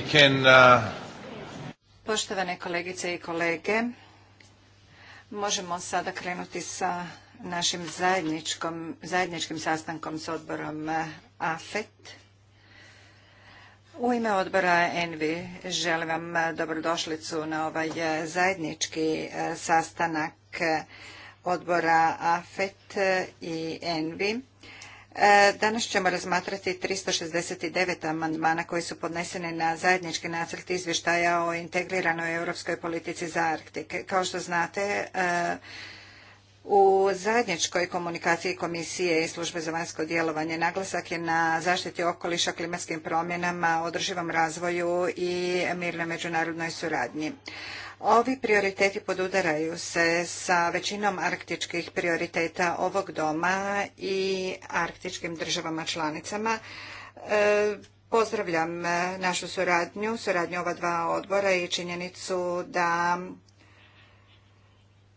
Uh, Poštovane kolegice i kolege, možemo sada krenuti sa našim zajedničkim sastankom s odborom uh, AFET. U ime odbora ENVI želim vam uh, dobrodošlicu na ovaj zajednički sastanak odbora AFET i ENVI E, danas ćemo razmatrati 369 amandmana koji su podneseni na zajednički nacrt izvještaja o integriranoj europskoj politici za Arktik. Kao što znate, e, u zajedničkoj komunikaciji Komisije i Službe za vanjsko djelovanje naglasak je na zaštiti okoliša klimatskim promjenama, održivom razvoju i mirnoj međunarodnoj suradnji. Ovi prioriteti podudaraju se sa većinom arktičkih prioriteta ovog doma i arktičkim državama članicama. E, pozdravljam našu suradnju, suradnju ova dva odbora i činjenicu da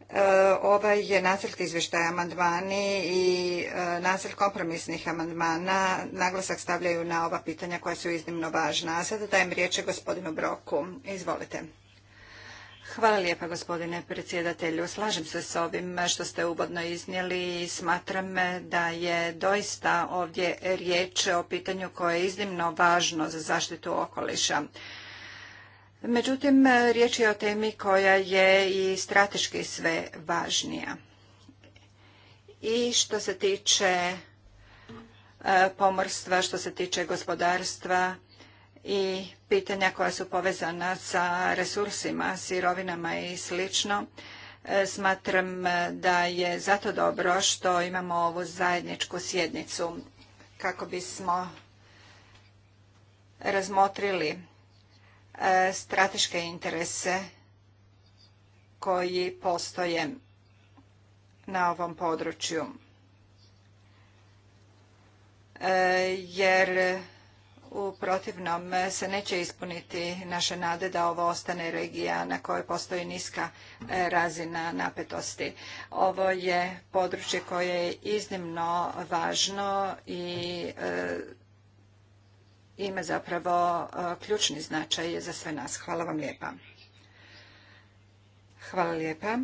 E, ovaj je nacrt izvještaja amandmani i e, nacrt kompromisnih amandmana naglasak stavljaju na ova pitanja koja su iznimno važna. A sada dajem riječ gospodinu Broku. Izvolite. Hvala lijepa gospodine predsjedatelju. Slažem se s ovim što ste uvodno iznijeli i smatram da je doista ovdje riječ o pitanju koje je iznimno važno za zaštitu okoliša. Međutim, riječ je o temi koja je i strateški sve važnija. I što se tiče e, pomorstva, što se tiče gospodarstva i pitanja koja su povezana sa resursima, sirovinama i slično, e, smatram e, da je zato dobro što imamo ovu zajedničku sjednicu kako bismo razmotrili E, strateške interese koji postoje na ovom području. E, jer u protivnom se neće ispuniti naše nade da ovo ostane regija na kojoj postoji niska e, razina napetosti. Ovo je područje koje je iznimno važno i ima zapravo e, ključni značaj za sve nas. Hvala vam lijepa. Hvala lijepa.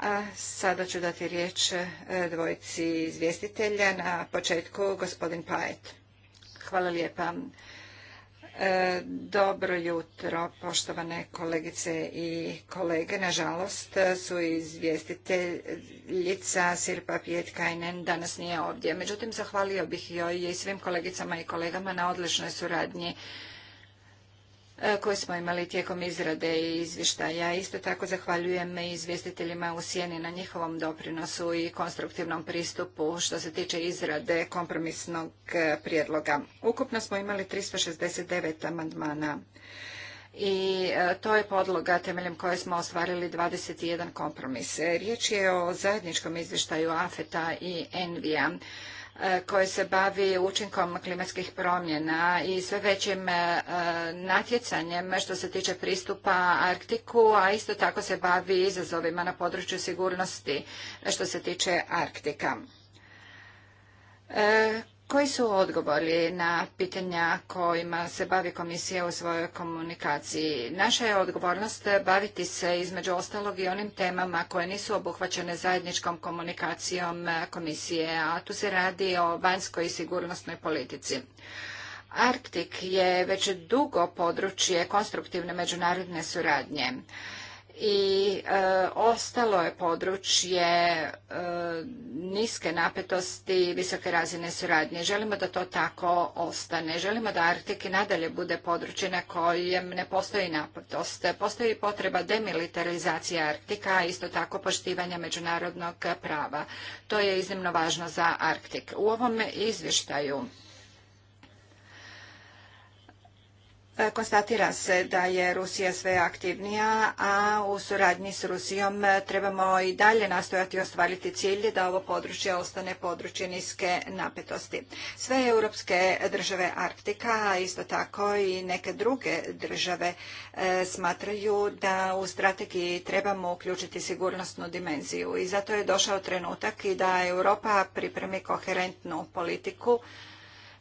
A sada ću dati riječ e, dvojici izvjestitelja. Na početku gospodin Pajet. Hvala lijepa E, dobro jutro, poštovane kolegice i kolege. Nažalost, su izvjestiteljica Sirpa Pjetkajnen danas nije ovdje. Međutim, zahvalio bih joj i svim kolegicama i kolegama na odličnoj suradnji E, koje smo imali tijekom izrade i izvještaja. Isto tako zahvaljujem izvjestiteljima u Sjeni na njihovom doprinosu i konstruktivnom pristupu što se tiče izrade kompromisnog e, prijedloga. Ukupno smo imali 369 amandmana i e, to je podloga temeljem koje smo ostvarili 21 kompromis. Riječ je o zajedničkom izvještaju AFETA i Envija E, koje se bavi učinkom klimatskih promjena i sve većim e, natjecanjem što se tiče pristupa Arktiku, a isto tako se bavi izazovima na području sigurnosti što se tiče Arktika. E, koji su odgovori na pitanja kojima se bavi komisija u svojoj komunikaciji? Naša je odgovornost baviti se između ostalog i onim temama koje nisu obuhvaćene zajedničkom komunikacijom komisije, a tu se radi o vanjskoj i sigurnosnoj politici. Arktik je već dugo područje konstruktivne međunarodne suradnje i e, ostalo je područje e, niske napetosti i visoke razine suradnje. Želimo da to tako ostane. Želimo da artik i nadalje bude područje na kojem ne postoji napetost. Postoji potreba demilitarizacije Arktika, a isto tako poštivanja međunarodnog prava. To je iznimno važno za Arktik. U ovom izvještaju E, konstatira se da je Rusija sve aktivnija, a u suradnji s Rusijom e, trebamo i dalje nastojati ostvariti cilje da ovo područje ostane područje niske napetosti. Sve europske države Arktika, a isto tako i neke druge države, e, smatraju da u strategiji trebamo uključiti sigurnosnu dimenziju i zato je došao trenutak i da Europa pripremi koherentnu politiku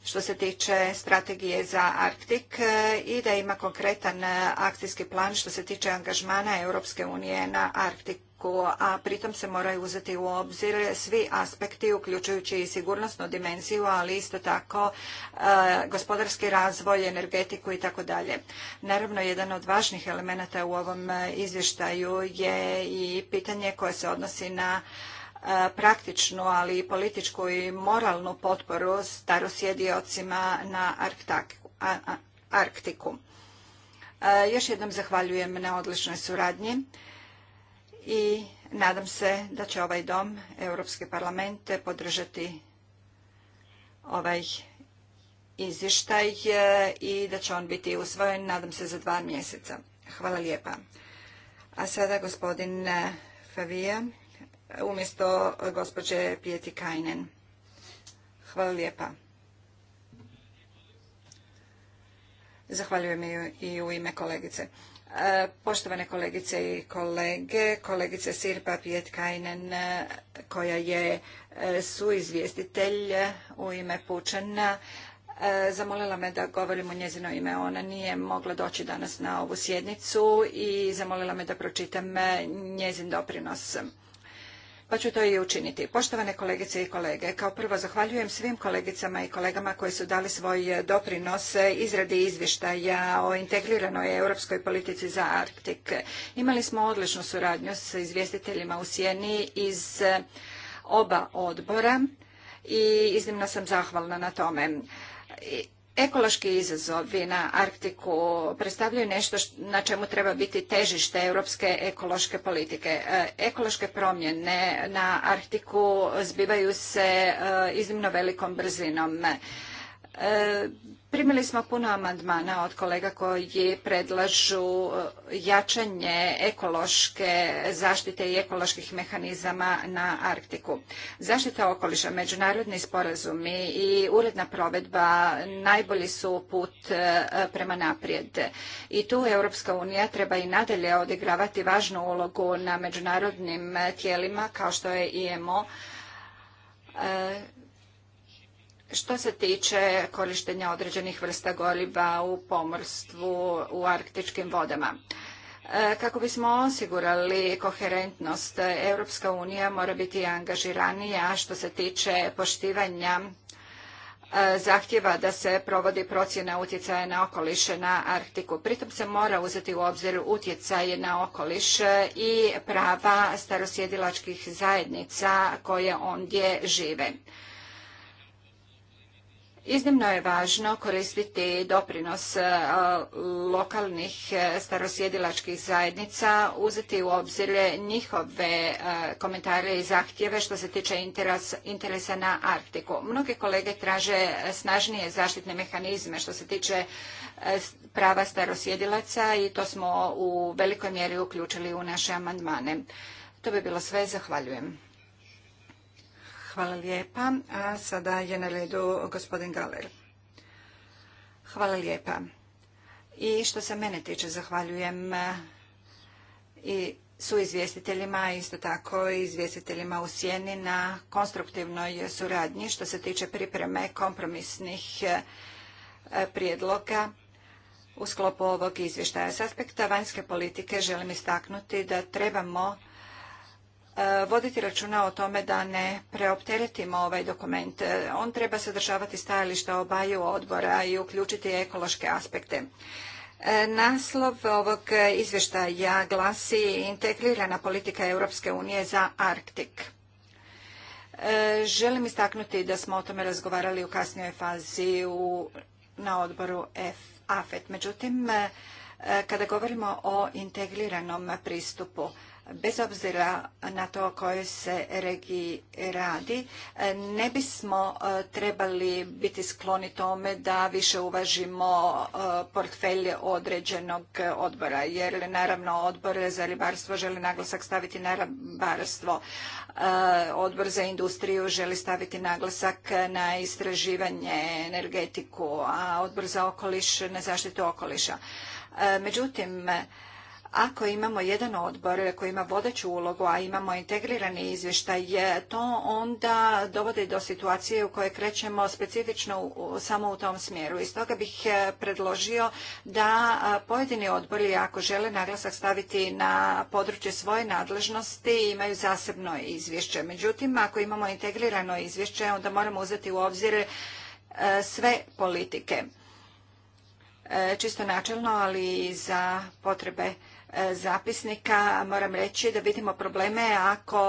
što se tiče strategije za Arktik e, i da ima konkretan e, akcijski plan što se tiče angažmana Europske unije na Arktiku, a pritom se moraju uzeti u obzir svi aspekti, uključujući i sigurnosnu dimenziju, ali isto tako e, gospodarski razvoj, energetiku i tako dalje. Naravno, jedan od važnih elemenata u ovom izvještaju je i pitanje koje se odnosi na E, praktičnu, ali i političku i moralnu potporu starosjediocima na Arktiku. E, još jednom zahvaljujem na odličnoj suradnji i nadam se da će ovaj dom, Europske parlamente podržati ovaj izvještaj e, i da će on biti usvojen, nadam se, za dva mjeseca. Hvala lijepa. A sada gospodin Favija umjesto gospođe Pijeti Kajnen. Hvala lijepa. Zahvaljujem i u ime kolegice. E, poštovane kolegice i kolege, kolegice Sirpa Kajnen e, koja je e, suizvjestitelj u ime Pučana, zamolila me da govorim u njezino ime. Ona nije mogla doći danas na ovu sjednicu i zamolila me da pročitam njezin doprinos pa ću to i učiniti. Poštovane kolegice i kolege, kao prvo zahvaljujem svim kolegicama i kolegama koji su dali svoj eh, doprinos eh, izradi izvještaja o integriranoj europskoj politici za Arktik. Imali smo odličnu suradnju s izvjestiteljima u Sjeni iz eh, oba odbora i iznimno sam zahvalna na tome Ekološki izazovi na Arktiku predstavljaju nešto na čemu treba biti težište europske ekološke politike. E, ekološke promjene na Arktiku zbivaju se e, iznimno velikom brzinom. E, primili smo puno amandmana od kolega koji predlažu e, jačanje ekološke zaštite i ekoloških mehanizama na Arktiku. Zaštita okoliša, međunarodni sporazumi i uredna provedba najbolji su put e, prema naprijed. I tu Europska unija treba i nadalje odigravati važnu ulogu na međunarodnim tijelima kao što je IMO što se tiče korištenja određenih vrsta goriva u pomorstvu u arktičkim vodama. E, kako bismo osigurali koherentnost, Europska unija mora biti angažiranija što se tiče poštivanja e, zahtjeva da se provodi procjena utjecaja na okoliš na Arktiku. Pritom se mora uzeti u obzir utjecaj na okoliš i prava starosjedilačkih zajednica koje ondje žive. Iznimno je važno koristiti doprinos e, lokalnih e, starosjedilačkih zajednica, uzeti u obzir njihove e, komentare i zahtjeve što se tiče interesa na Arktiku. Mnoge kolege traže snažnije zaštitne mehanizme što se tiče prava starosjedilaca i to smo u velikoj mjeri uključili u naše amandmane. To bi bilo sve. Zahvaljujem. Hvala lijepa. A sada je na redu gospodin Galer. Hvala lijepa. I što se mene tiče, zahvaljujem e, i su izvjestiteljima, isto tako i izvjestiteljima u sjeni na konstruktivnoj suradnji što se tiče pripreme kompromisnih e, prijedloga u sklopu ovog izvještaja. S aspekta vanjske politike želim istaknuti da trebamo E, voditi računa o tome da ne preopteretimo ovaj dokument. E, on treba sadržavati stajališta obaju odbora i uključiti ekološke aspekte. E, naslov ovog izvještaja glasi Integrirana politika Europske unije za Arktik. Želim istaknuti da smo o tome razgovarali u kasnijoj fazi u, na odboru F, AFET. Međutim, kada govorimo o integriranom pristupu, bez obzira na to o kojoj se regiji radi, ne bismo e, trebali biti skloni tome da više uvažimo e, portfelje određenog odbora, jer naravno odbor za ribarstvo želi naglasak staviti na ribarstvo, e, odbor za industriju želi staviti naglasak na istraživanje, energetiku, a odbor za okoliš na zaštitu okoliša. Međutim, ako imamo jedan odbor koji ima vodeću ulogu, a imamo integrirani izvještaj, to onda dovodi do situacije u kojoj krećemo specifično samo u tom smjeru. I stoga bih e, predložio da pojedini odbori, ako žele naglasak staviti na područje svoje nadležnosti, imaju zasebno izvješće. Međutim, ako imamo integrirano izvješće, onda moramo uzeti u obzir e, sve politike e, čisto načelno, ali i za potrebe E, zapisnika moram reći da vidimo probleme ako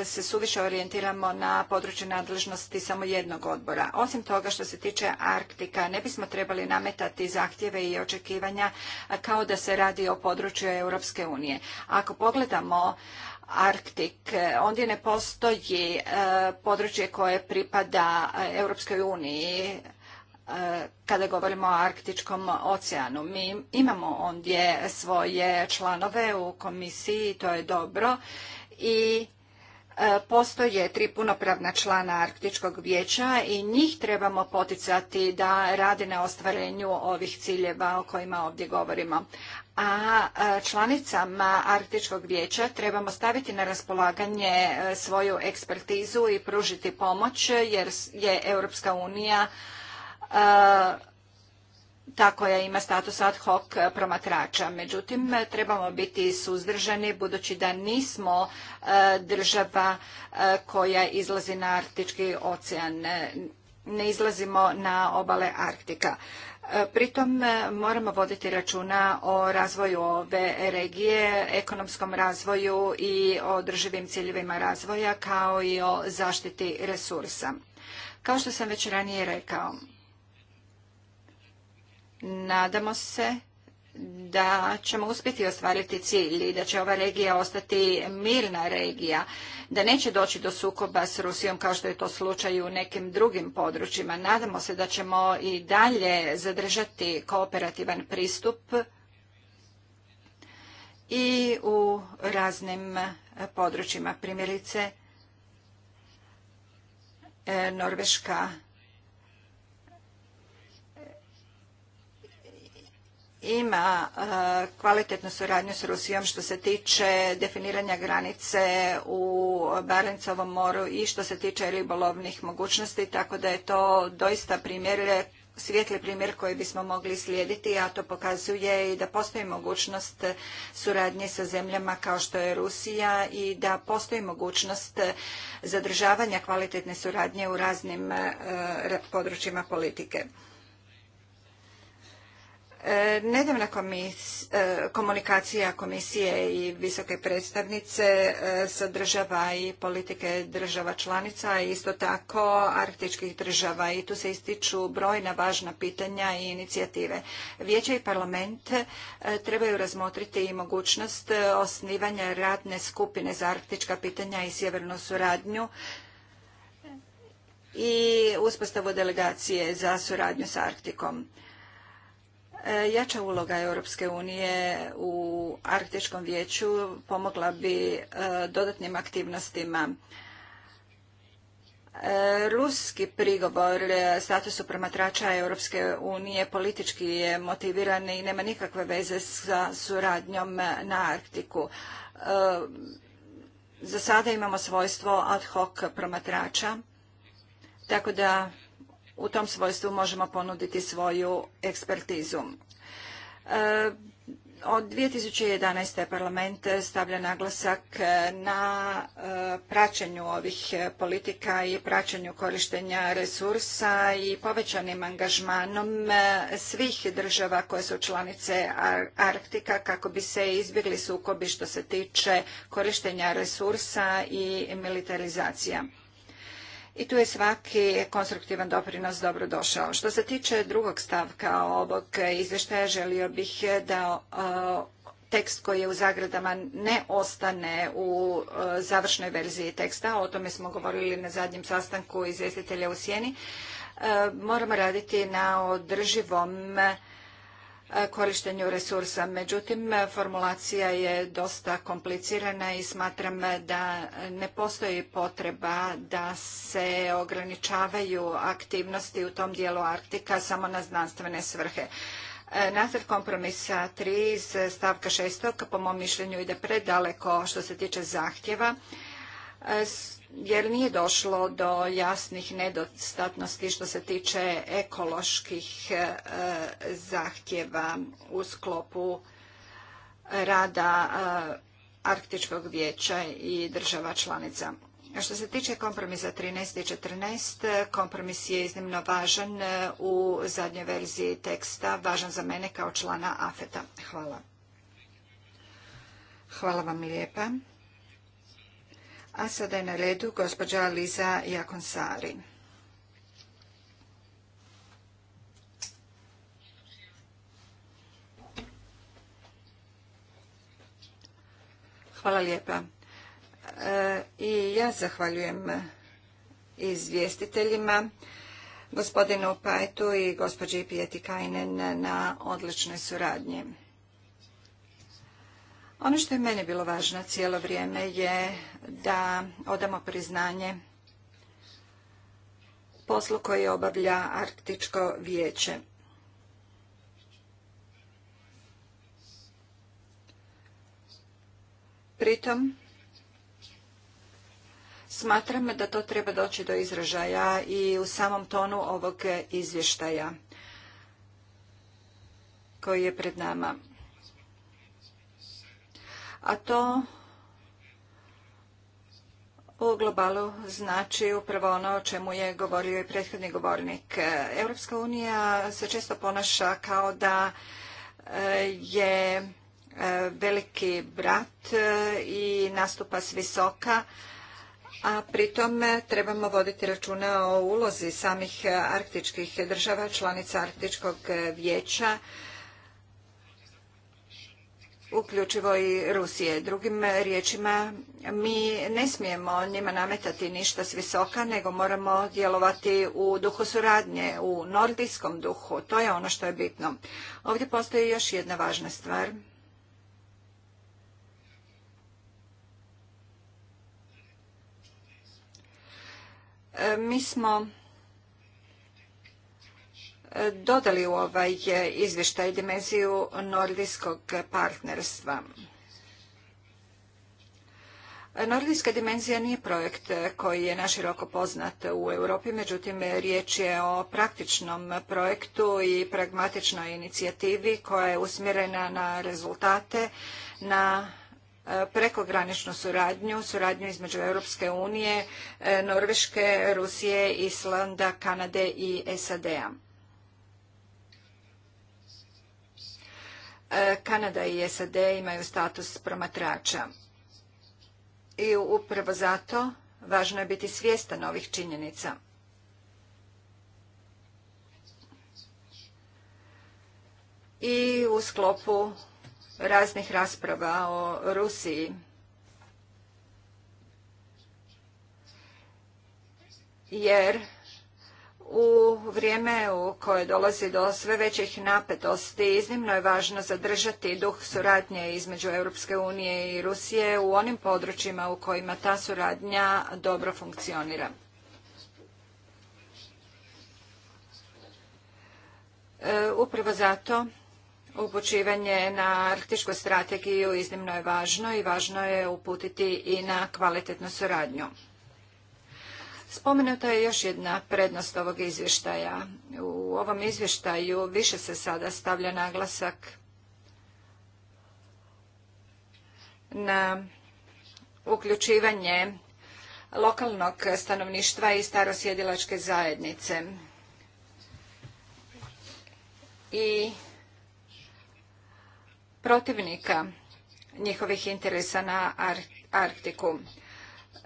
e, se suviše orijentiramo na područje nadležnosti samo jednog odbora. Osim toga što se tiče Arktika ne bismo trebali nametati zahtjeve i očekivanja kao da se radi o području Europske unije. Ako pogledamo Arktik, e, ondje ne postoji područje koje pripada Europskoj uniji E, kada govorimo o Arktičkom oceanu. Mi imamo ondje svoje članove u komisiji, to je dobro i e, postoje tri punopravna člana Arktičkog vijeća i njih trebamo poticati da rade na ostvarenju ovih ciljeva o kojima ovdje govorimo. A e, članicama Arktičkog vijeća trebamo staviti na raspolaganje svoju ekspertizu i pružiti pomoć jer je Europska unija E, ta koja ima status ad hoc promatrača. Međutim, trebamo biti suzdržani budući da nismo e, država e, koja izlazi na Arktički ocean. Ne izlazimo na obale Arktika. Pritom moramo voditi računa o razvoju ove regije, ekonomskom razvoju i održivim ciljevima razvoja kao i o zaštiti resursa. Kao što sam već ranije rekao, Nadamo se da ćemo uspjeti ostvariti cilj i da će ova regija ostati mirna regija, da neće doći do sukoba s Rusijom kao što je to slučaj u nekim drugim područjima. Nadamo se da ćemo i dalje zadržati kooperativan pristup i u raznim područjima. Primjerice, Norveška ima e, kvalitetnu suradnju s Rusijom što se tiče definiranja granice u Barencovom moru i što se tiče ribolovnih mogućnosti, tako da je to doista primjer svijetli primjer koji bismo mogli slijediti, a to pokazuje i da postoji mogućnost suradnje sa zemljama kao što je Rusija i da postoji mogućnost zadržavanja kvalitetne suradnje u raznim e, područjima politike. E, nedavna e, komunikacija komisije i visoke predstavnice e, sadržava i politike država članica, isto tako arktičkih država i tu se ističu brojna važna pitanja i inicijative. Vijeće i parlament trebaju razmotriti i mogućnost osnivanja radne skupine za arktička pitanja i sjevernu suradnju i uspostavu delegacije za suradnju s Arktikom. E, jača uloga Europske unije u Arktičkom vijeću pomogla bi e, dodatnim aktivnostima. E, ruski prigovor statusu promatrača Europske unije politički je motiviran i nema nikakve veze sa suradnjom na Arktiku. Za sada imamo svojstvo ad hoc promatrača, tako da u tom svojstvu možemo ponuditi svoju ekspertizu. E, od 2011. parlament stavlja naglasak na e, praćenju ovih politika i praćenju korištenja resursa i povećanim angažmanom e, svih država koje su članice Arktika kako bi se izbjegli sukobi što se tiče korištenja resursa i militarizacija i tu je svaki konstruktivan doprinos dobro došao. Što se tiče drugog stavka ovog izvještaja, želio bih da tekst koji je u zagradama ne ostane u završnoj verziji teksta. O tome smo govorili na zadnjem sastanku izvjestitelja u Sjeni. Moramo raditi na održivom E, korištenju resursa. Međutim, formulacija je dosta komplicirana i smatram da ne postoji potreba da se ograničavaju aktivnosti u tom dijelu Arktika samo na znanstvene svrhe. E, nacrt kompromisa 3 iz stavka 6. po mom mišljenju ide predaleko što se tiče zahtjeva jer nije došlo do jasnih nedostatnosti što se tiče ekoloških e, zahtjeva u sklopu rada e, Arktičkog vijeća i država članica. Što se tiče kompromisa 13 i 14, kompromis je iznimno važan e, u zadnjoj verziji teksta, važan za mene kao člana AFETA. Hvala. Hvala vam lijepa. A sada je na redu gospođa Liza Jakonsari. Hvala lijepa. E, I ja zahvaljujem izvjestiteljima, gospodinu Pajtu i gospođi Pijeti Kajnen na odličnoj suradnji. Ono što je meni bilo važno cijelo vrijeme je da odamo priznanje poslu koji obavlja Arktičko vijeće. Pritom, smatram da to treba doći do izražaja i u samom tonu ovog izvještaja koji je pred nama a to u globalu znači upravo ono o čemu je govorio i prethodni govornik. Europska unija se često ponaša kao da eh, je eh, veliki brat eh, i nastupa s visoka, a pritom trebamo voditi računa o ulozi samih arktičkih država, članica Arktičkog vijeća, uključivo i Rusije. Drugim riječima, mi ne smijemo njima nametati ništa s visoka, nego moramo djelovati u duhu suradnje, u nordijskom duhu. To je ono što je bitno. Ovdje postoji još jedna važna stvar. E, mi smo dodali u ovaj izvještaj dimenziju nordijskog partnerstva. Nordijska dimenzija nije projekt koji je naširoko poznat u Europi, međutim riječ je o praktičnom projektu i pragmatičnoj inicijativi koja je usmjerena na rezultate, na e, prekograničnu suradnju, suradnju između Europske unije, e, Norveške, Rusije, Islanda, Kanade i SAD-a. E, Kanada i SAD imaju status promatrača. I upravo zato važno je biti svjestan ovih činjenica. I u sklopu raznih rasprava o Rusiji jer u vrijeme u koje dolazi do sve većih napetosti iznimno je važno zadržati duh suradnje između Europske unije i Rusije u onim područjima u kojima ta suradnja dobro funkcionira. E, upravo zato upućivanje na arktičku strategiju iznimno je važno i važno je uputiti i na kvalitetnu suradnju. Spomenuta je još jedna prednost ovog izvještaja. U ovom izvještaju više se sada stavlja naglasak na uključivanje lokalnog stanovništva i starosjedilačke zajednice. I protivnika njihovih interesa na Arktiku.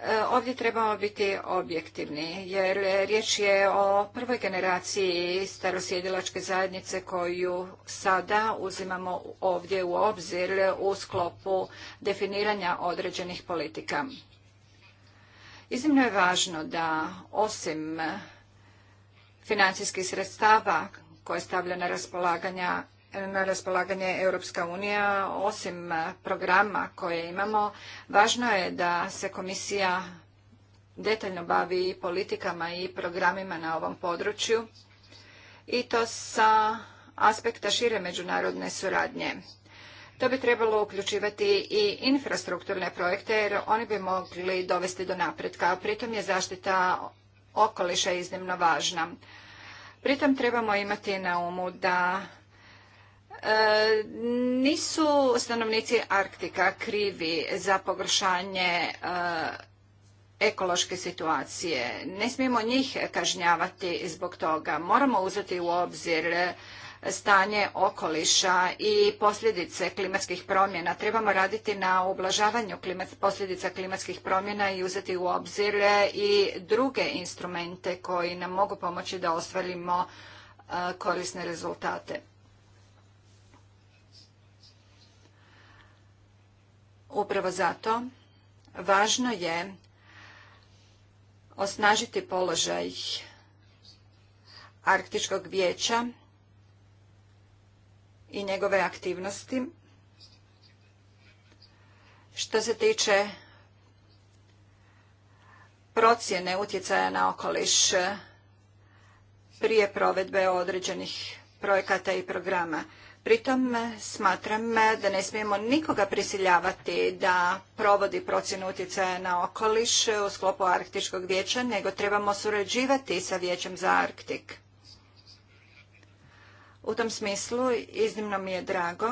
E, ovdje trebamo biti objektivni, jer riječ je o prvoj generaciji starosjedilačke zajednice koju sada uzimamo ovdje u obzir u sklopu definiranja određenih politika. Iznimno je važno da osim financijskih sredstava koje stavlja na raspolaganja na raspolaganje Europska unija, osim programa koje imamo, važno je da se komisija detaljno bavi i politikama i programima na ovom području i to sa aspekta šire međunarodne suradnje. To bi trebalo uključivati i infrastrukturne projekte jer oni bi mogli dovesti do napretka, a pritom je zaštita okoliša iznimno važna. Pritom trebamo imati na umu da E, nisu stanovnici Arktika krivi za pogoršanje e, ekološke situacije. Ne smijemo njih kažnjavati zbog toga. Moramo uzeti u obzir stanje okoliša i posljedice klimatskih promjena. Trebamo raditi na ublažavanju posljedica klimatskih promjena i uzeti u obzir i druge instrumente koji nam mogu pomoći da ostvarimo e, korisne rezultate. Upravo zato važno je osnažiti položaj Arktičkog vijeća i njegove aktivnosti. Što se tiče procjene utjecaja na okoliš prije provedbe određenih projekata i programa. Pritom e, smatram e, da ne smijemo nikoga prisiljavati da provodi procjenu utjecaja na okoliš u sklopu Arktičkog vijeća, nego trebamo surađivati sa Vijećem za Arktik. U tom smislu iznimno mi je drago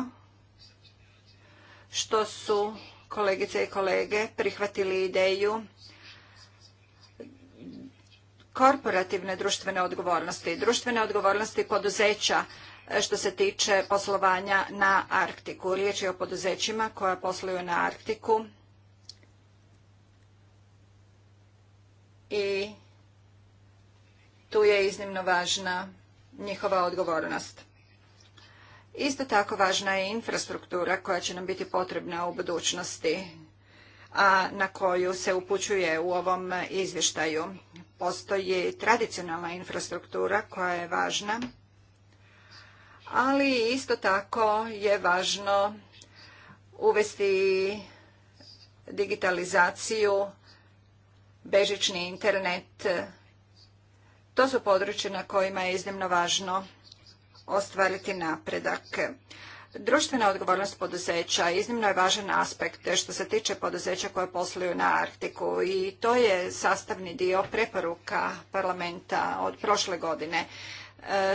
što su kolegice i kolege prihvatili ideju korporativne društvene odgovornosti, društvene odgovornosti poduzeća što se tiče poslovanja na Arktiku. Riječ je o poduzećima koja posluju na Arktiku i tu je iznimno važna njihova odgovornost. Isto tako važna je infrastruktura koja će nam biti potrebna u budućnosti, a na koju se upućuje u ovom izvještaju. Postoji tradicionalna infrastruktura koja je važna ali isto tako je važno uvesti digitalizaciju, bežični internet. To su područje na kojima je iznimno važno ostvariti napredak. Društvena odgovornost poduzeća iznimno je važan aspekt što se tiče poduzeća koje posluju na Arktiku i to je sastavni dio preporuka parlamenta od prošle godine.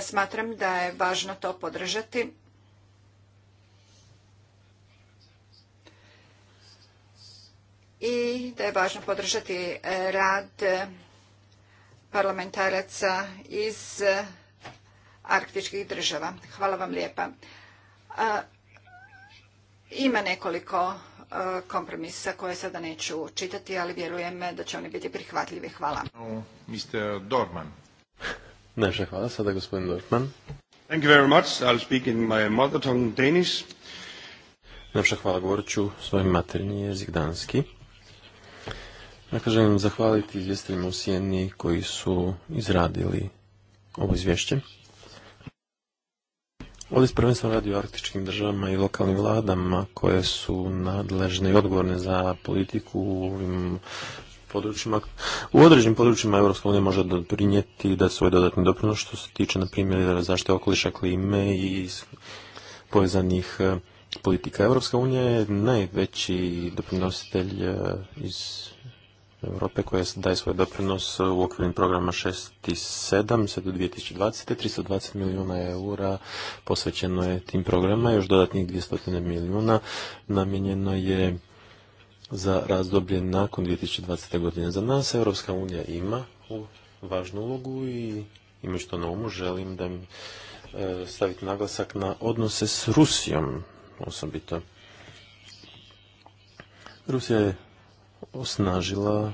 Smatram da je važno to podržati. I da je važno podržati rad parlamentaraca iz arktičkih država. Hvala vam lijepa. Ima nekoliko kompromisa koje sada neću čitati, ali vjerujem da će oni biti prihvatljivi. Hvala. Mr. Dorman. Najviše hvala. Sada gospodin Dortman. Thank you very much. I'll speak in my mother tongue, Danish. Najviše hvala, govorit ću svoj materinji jezik danski. Dakle, želim zahvaliti izvjestiteljima u Sijeni koji su izradili ovo izvješće. Ovdje se prvenstveno radi o arktičkim državama i lokalnim vladama koje su nadležne i odgovorne za politiku u ovim područjima, u određenim područjima Europska unija može doprinijeti da svoj dodatni doprinos što se tiče, na primjer, zaštite okoliša klime i povezanih e, politika. Europska unija je najveći doprinositelj e, iz Europe koja daje svoj doprinos u okvirnim programa 6 i 7 sve do 2020. 320 milijuna eura posvećeno je tim programa, još dodatnih 200 milijuna namijenjeno je za razdoblje nakon 2020. godine. Za nas Europska unija ima važnu ulogu i ima što na umu želim da mi e, staviti naglasak na odnose s Rusijom osobito. Rusija je osnažila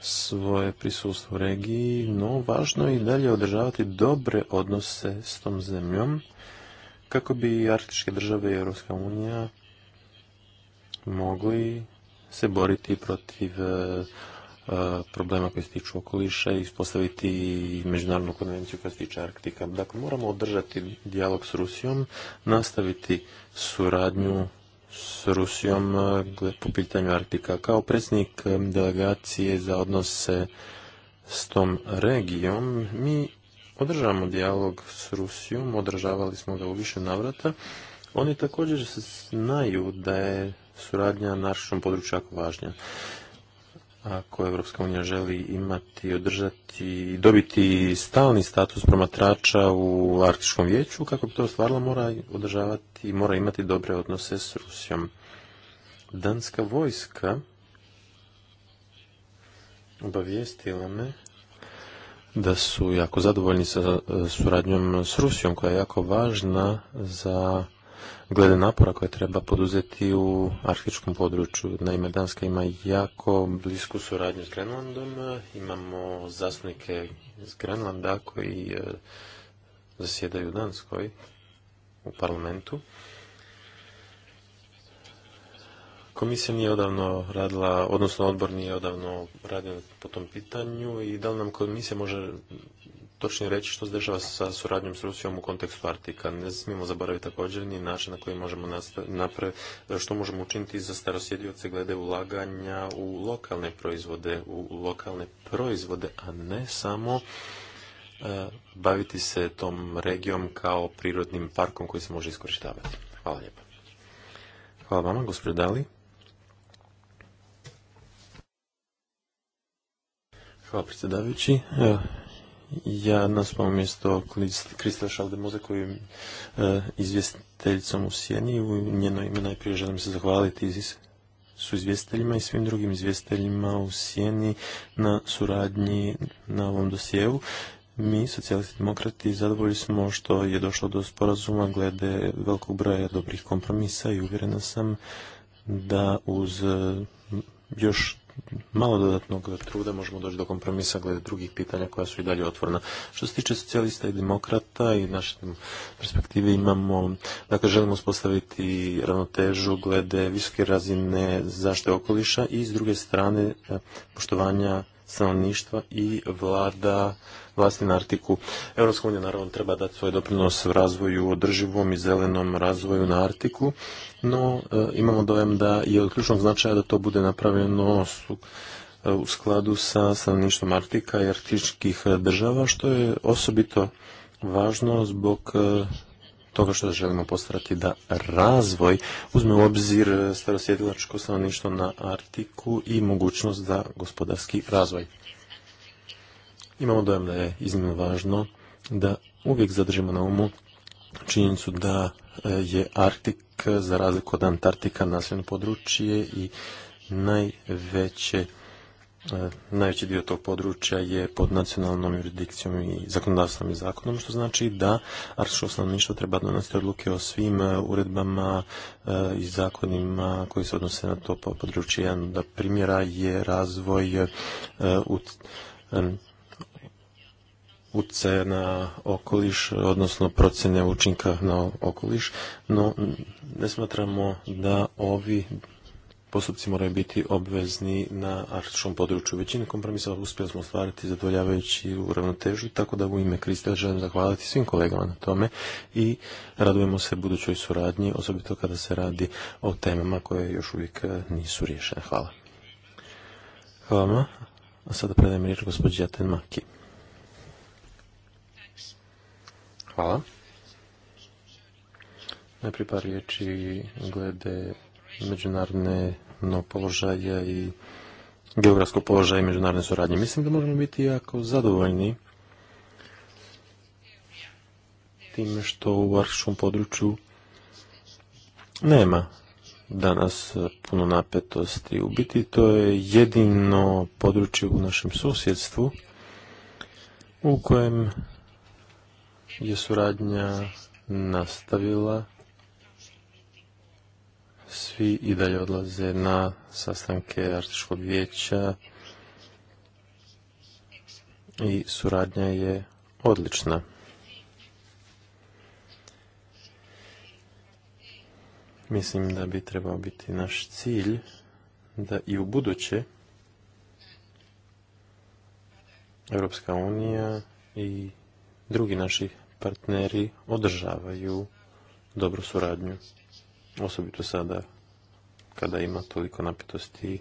svoje prisustvo u regiji, no važno je i dalje održavati dobre odnose s tom zemljom kako bi arktičke države i Europska unija mogli se boriti protiv e, e, problema koji se tiču okoliša i ispostaviti međunarodnu konvenciju koja se tiče Arktika. Dakle, moramo održati dijalog s Rusijom, nastaviti suradnju s Rusijom e, po pitanju Arktika. Kao predsjednik delegacije za odnose s tom regijom, mi održavamo dijalog s Rusijom, održavali smo ga u više navrata. Oni također znaju da je suradnja na našom području jako važnja. Ako Evropska unija želi imati, održati i dobiti stalni status promatrača u Arktičkom vijeću, kako bi to ostvarila, mora održavati i mora imati dobre odnose s Rusijom. Danska vojska obavijestila me da su jako zadovoljni sa e, suradnjom s Rusijom, koja je jako važna za glede napora koje treba poduzeti u arhvičkom području. Naime, Danska ima jako blisku suradnju s Grenlandom. Imamo zastupnike iz Grenlanda koji e, zasjedaju u Danskoj u parlamentu. Komisija nije odavno radila, odnosno odbor nije odavno radio po tom pitanju i da li nam komisija može točnije reći što se dešava sa suradnjom s Rusijom u kontekstu Artika. Ne smijemo zaboraviti također ni način na koji možemo napraviti, što možemo učiniti za starosjedioce glede ulaganja u lokalne proizvode, u lokalne proizvode, a ne samo e, baviti se tom regijom kao prirodnim parkom koji se može iskorištavati. Hvala lijepo. Hvala vama, gospodin Dali. Hvala predsjedavajući ja na mjesto Krista Šaldemoza koju je izvjestiteljicom u Sjeni u njeno ime najprije želim se zahvaliti su izvjestiteljima i svim drugim izvjestiteljima u Sjeni na suradnji na ovom dosijevu. Mi, socijalisti demokrati, zadovoljni smo što je došlo do sporazuma glede velikog broja dobrih kompromisa i uvjerena sam da uz e, još malo dodatnog truda možemo doći do kompromisa glede drugih pitanja koja su i dalje otvorena. Što se tiče socijalista i demokrata i naše perspektive imamo, dakle želimo uspostaviti ravnotežu glede visoke razine zaštite okoliša i s druge strane eh, poštovanja stanovništva i vlada vlasti na Artiku. Europska unija naravno treba dati svoj doprinos razvoju održivom i zelenom razvoju na Artiku, no e, imamo dojem da je od ključnog značaja da to bude napravljeno e, u skladu sa stanovništvom Artika i arktičkih e, država, što je osobito važno zbog toga što želimo postarati da razvoj uzme u obzir starosjedilačko stanovništvo na Artiku i mogućnost za gospodarski razvoj imamo dojam da je iznimno važno da uvijek zadržimo na umu činjenicu da e, je Arktik za razliku od Antarktika naseljeno područje i najveće e, najveći dio tog područja je pod nacionalnom juridikcijom i zakonodavstvom i zakonom, što znači da arktičko stanovništvo treba donositi odluke o svim e, uredbama i zakonima koji se odnose na to područje. Jedan od primjera je razvoj u utjecaja na okoliš, odnosno procjene učinka na okoliš, no ne smatramo da ovi postupci moraju biti obvezni na arktičkom području. Većinu kompromisa uspjeli smo ostvariti zadovoljavajući u ravnotežu, tako da u ime Krista želim zahvaliti svim kolegama na tome i radujemo se budućoj suradnji, osobito kada se radi o temama koje još uvijek nisu riješene. Hvala. Hvala A sada predajem riječ gospođi Jaten Maki. Hvala. Najprije par riječi glede međunarodne no, položaja i geografskog položaja i međunarodne suradnje. Mislim da možemo biti jako zadovoljni time što u Varšom području nema danas puno napetosti. U biti to je jedino područje u našem susjedstvu u kojem je suradnja nastavila. Svi i dalje odlaze na sastanke Artičkog vijeća i suradnja je odlična. Mislim da bi trebao biti naš cilj da i u buduće Europska unija i drugi naši partneri održavaju dobru suradnju. Osobito sada kada ima toliko napetosti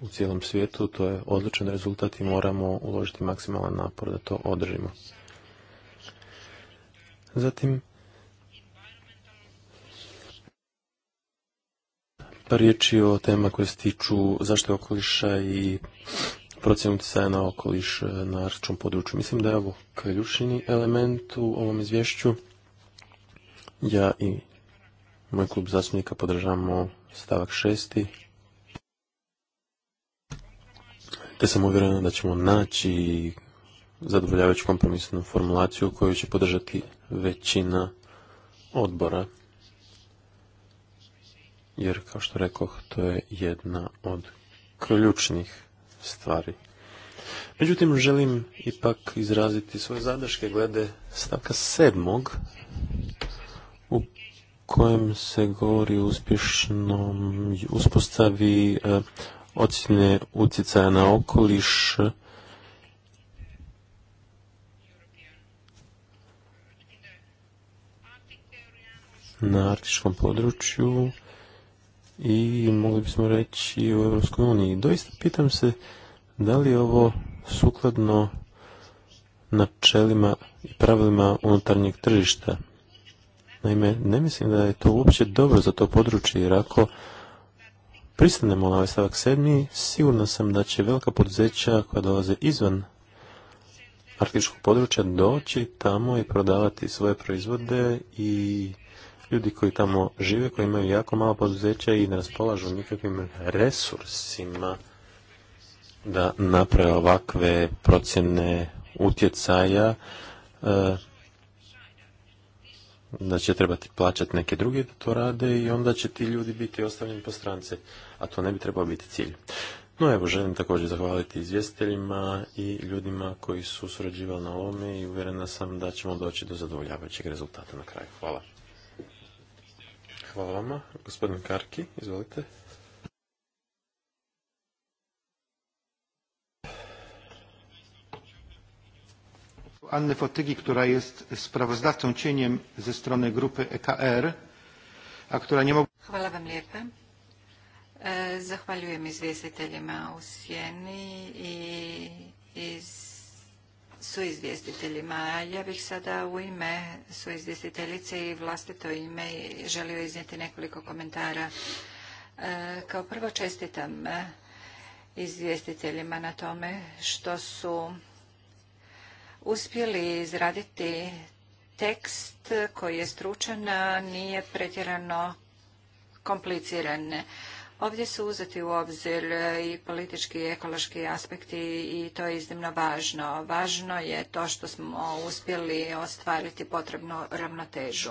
u cijelom svijetu, to je odličan rezultat i moramo uložiti maksimalan napor da to održimo. Zatim, par riječi o tema koje se tiču zaštite okoliša i procjenu utjecaja na okoliš e, na arčkom području. Mislim da je ovo ključni element u ovom izvješću. Ja i moj klub zastupnika podržavamo stavak šesti. Te sam uvjeren da ćemo naći zadovoljavajuću kompromisnu formulaciju koju će podržati većina odbora. Jer, kao što rekoh, to je jedna od ključnih stvari. Međutim, želim ipak izraziti svoje zadrške glede stavka sedmog u kojem se govori o uspješnom uspostavi e, ocjene utjecaja na okoliš na artičkom području i mogli bismo reći u Europskoj uniji. Doista pitam se da li je ovo sukladno načelima i pravilima unutarnjeg tržišta. Naime, ne mislim da je to uopće dobro za to područje, jer ako pristanemo na ovaj stavak sedmi, siguran sam da će velika poduzeća koja dolaze izvan arktičkog područja doći tamo i prodavati svoje proizvode i ljudi koji tamo žive, koji imaju jako malo poduzeća i ne raspolažu nikakvim resursima da naprave ovakve procjene utjecaja e, da će trebati plaćati neke druge da to rade i onda će ti ljudi biti ostavljeni po strance, a to ne bi trebao biti cilj. No evo, želim također zahvaliti izvjestiteljima i ljudima koji su surađivali na ovome i uvjerena sam da ćemo doći do zadovoljavajućeg rezultata na kraju. Hvala. Hvala vama. Gospodin Karki, izvolite. Anne Fotygi, która jest sprawozdawcą cieniem ze strony grupy EKR, a która nie mogła... Hvala vam lijepa. E, zahvaljujem izvjestiteljima u Sjeni i iz su izvjestiteljima. ja bih sada u ime su izvjestiteljice i vlastito ime želio iznijeti nekoliko komentara. E, kao prvo čestitam e, izvjestiteljima na tome što su uspjeli izraditi tekst koji je stručan, a nije pretjerano kompliciran. Ovdje su uzeti u obzir i politički i ekološki aspekti i to je iznimno važno. Važno je to što smo uspjeli ostvariti potrebnu ravnotežu.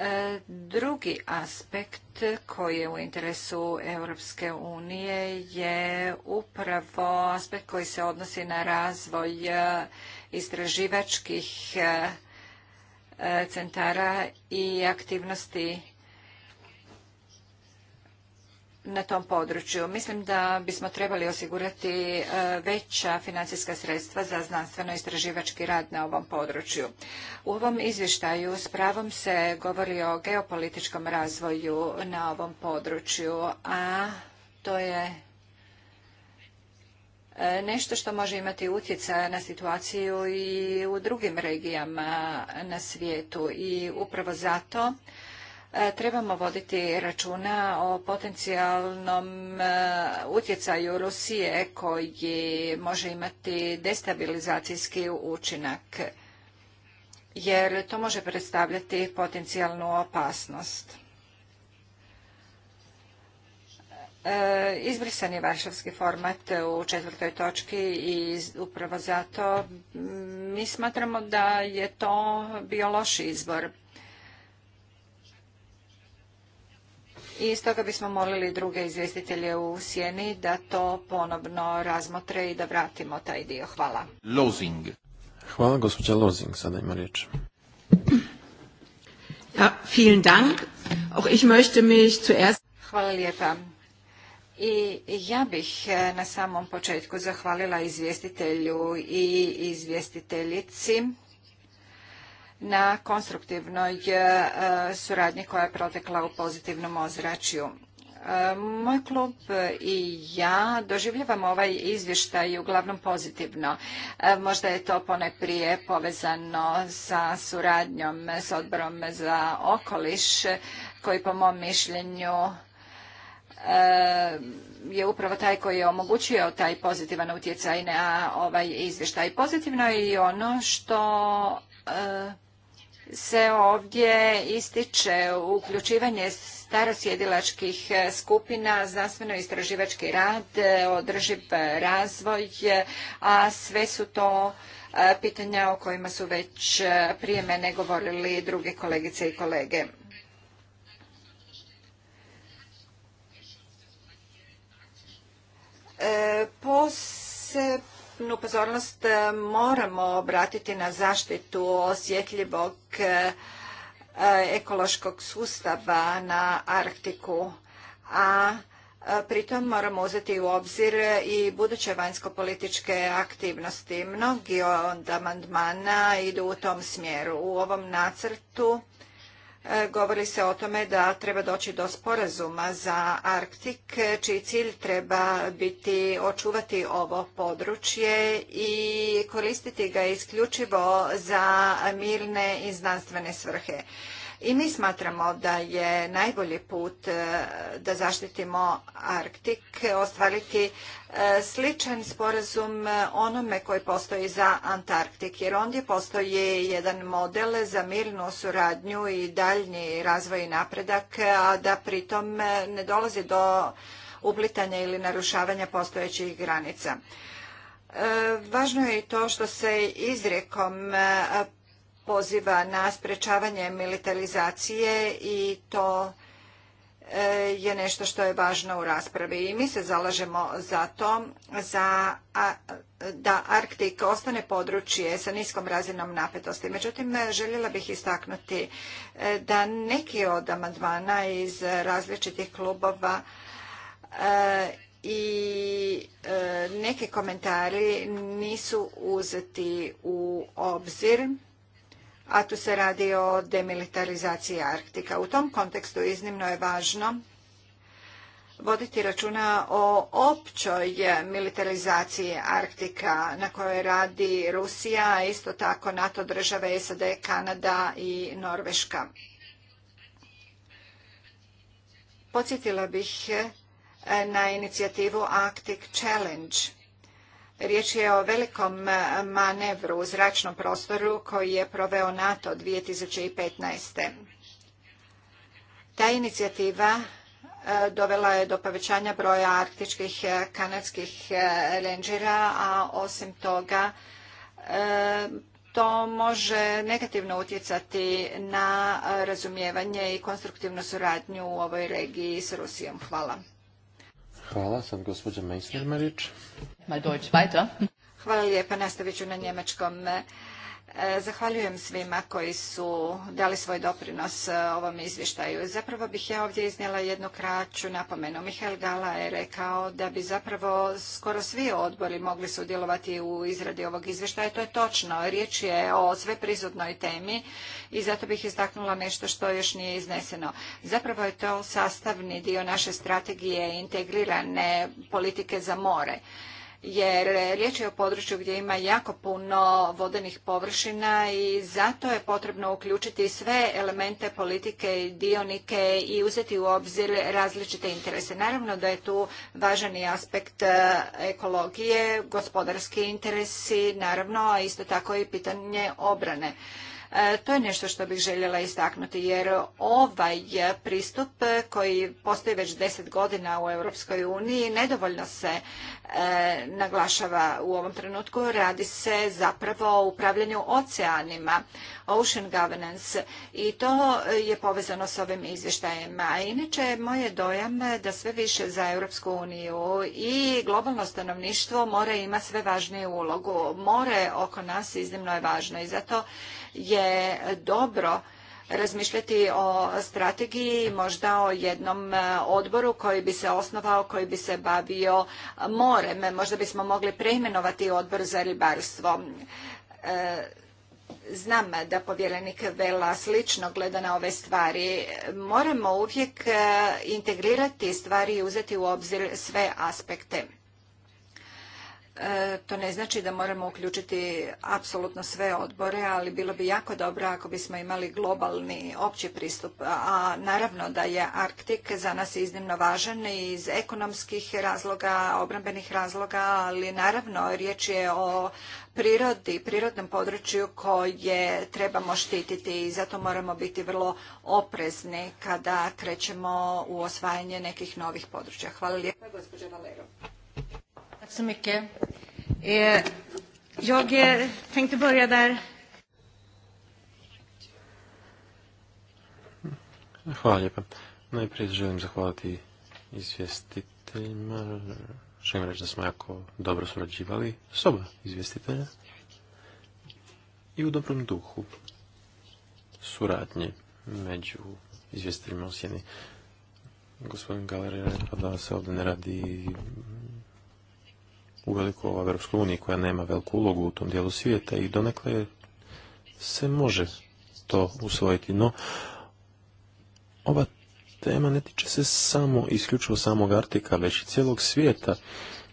E, drugi aspekt koji je u interesu Europske unije je upravo aspekt koji se odnosi na razvoj istraživačkih e, centara i aktivnosti na tom području. Mislim da bismo trebali osigurati e, veća financijska sredstva za znanstveno-istraživački rad na ovom području. U ovom izvještaju s pravom se govori o geopolitičkom razvoju na ovom području, a to je e, nešto što može imati utjecaj na situaciju i u drugim regijama na svijetu i upravo zato E, trebamo voditi računa o potencijalnom e, utjecaju Rusije koji može imati destabilizacijski učinak jer to može predstavljati potencijalnu opasnost. E, izbrisan je varšavski format u četvrtoj točki i upravo zato mi smatramo da je to bio loš izbor. i stoga bismo molili druge izvjestitelje u Sjeni da to ponovno razmotre i da vratimo taj dio. Hvala. Lozing. Hvala, gospođa Lozing, sada ima riječ. Ja, vielen Dank. Auch ich möchte mich zuerst... Hvala lijepa. I ja bih eh, na samom početku zahvalila izvjestitelju i izvjestiteljici na konstruktivnoj e, suradnji koja je protekla u pozitivnom ozračju. E, moj klub i ja doživljavamo ovaj izvještaj uglavnom pozitivno. E, možda je to pone prije povezano sa suradnjom s odborom za okoliš koji po mom mišljenju je upravo taj koji je omogućio taj pozitivan utjecaj na ovaj izvještaj. Pozitivno je i ono što se ovdje ističe uključivanje starosjedilačkih e, skupina, znanstveno-istraživački rad, e, održiv razvoj, a sve su to e, pitanja o kojima su već prije mene govorili druge kolegice i kolege. Posebno posebnu pozornost e, moramo obratiti na zaštitu osjetljivog e, e, ekološkog sustava na Arktiku, a Pritom moramo uzeti u obzir i buduće vanjsko-političke aktivnosti. Mnogi od amandmana idu u tom smjeru. U ovom nacrtu E, govori se o tome da treba doći do sporazuma za Arktik, čiji cilj treba biti očuvati ovo područje i koristiti ga isključivo za mirne i znanstvene svrhe. I mi smatramo da je najbolji put e, da zaštitimo Arktik ostvariti e, sličan sporazum e, onome koji postoji za Antarktik, jer ondje postoji jedan model za mirnu suradnju i daljnji razvoj i napredak, a da pritom ne dolazi do uplitanja ili narušavanja postojećih granica. Važno je i to što se izrijekom poziva na sprečavanje militarizacije i to e, je nešto što je važno u raspravi i mi se zalažemo za to za da Arktik ostane područje sa niskom razinom napetosti. Međutim, željela bih istaknuti e, da neki od amandmana iz različitih klubova e, i neki komentari nisu uzeti u obzir a tu se radi o demilitarizaciji Arktika. U tom kontekstu iznimno je važno voditi računa o općoj militarizaciji Arktika na kojoj radi Rusija, a isto tako NATO države SAD, Kanada i Norveška. Podsjetila bih na inicijativu Arctic Challenge – Riječ je o velikom eh, manevru u zračnom prostoru koji je proveo NATO 2015. Ta inicijativa eh, dovela je do povećanja broja arktičkih eh, kanadskih renđera, a osim toga to može negativno utjecati na razumijevanje i konstruktivnu suradnju u ovoj regiji s Rusijom. Hvala. Hvala, sad gospođa Meissner Marić. Hvala lijepa, nastavit ću na njemačkom. E, zahvaljujem svima koji su dali svoj doprinos e, ovom izvještaju. Zapravo bih ja ovdje iznijela jednu kraću napomenu. Mihael Gala je rekao da bi zapravo skoro svi odbori mogli sudjelovati u izradi ovog izvještaja. To je točno. Riječ je o sveprizudnoj temi i zato bih istaknula nešto što još nije izneseno. Zapravo je to sastavni dio naše strategije integrirane politike za more jer riječ je o području gdje ima jako puno vodenih površina i zato je potrebno uključiti sve elemente politike i dionike i uzeti u obzir različite interese. Naravno da je tu važan i aspekt e, ekologije, gospodarski interesi, naravno, a isto tako i pitanje obrane. E, to je nešto što bih željela istaknuti jer ovaj pristup koji postoji već deset godina u Europskoj uniji nedovoljno se e, naglašava u ovom trenutku. Radi se zapravo o upravljanju oceanima, ocean governance i to je povezano s ovim izvještajima. Inače, moj je dojam da sve više za Europsku uniju i globalno stanovništvo more ima sve važniju ulogu. More oko nas iznimno je važno i zato je dobro razmišljati o strategiji, možda o jednom e, odboru koji bi se osnovao, koji bi se bavio morem. Možda bismo mogli preimenovati odbor za ribarstvo. E, znam da povjerenik Vela slično gleda na ove stvari. Moramo uvijek e, integrirati stvari i uzeti u obzir sve aspekte. E, to ne znači da moramo uključiti apsolutno sve odbore, ali bilo bi jako dobro ako bismo imali globalni opći pristup. A naravno da je Arktik za nas iznimno važan iz ekonomskih razloga, obrambenih razloga, ali naravno riječ je o prirodi, prirodnom području koje trebamo štititi i zato moramo biti vrlo oprezni kada krećemo u osvajanje nekih novih područja. Hvala lijepa, gospođa Valero. Tack så mycket. Eh, jag eh, tänkte börja där. Hvala lijepa. Najprije želim zahvaliti izvjestiteljima. Želim reći da smo jako dobro surađivali s oba izvjestitelja i u dobrom duhu suradnje među izvjestiteljima u sjeni. Gospodin Galer je rekao da se ovdje ne radi u velikoj u Europskoj uniji koja nema veliku ulogu u tom dijelu svijeta i donekle se može to usvojiti. No, ova tema ne tiče se samo, isključivo samog Artika, već i cijelog svijeta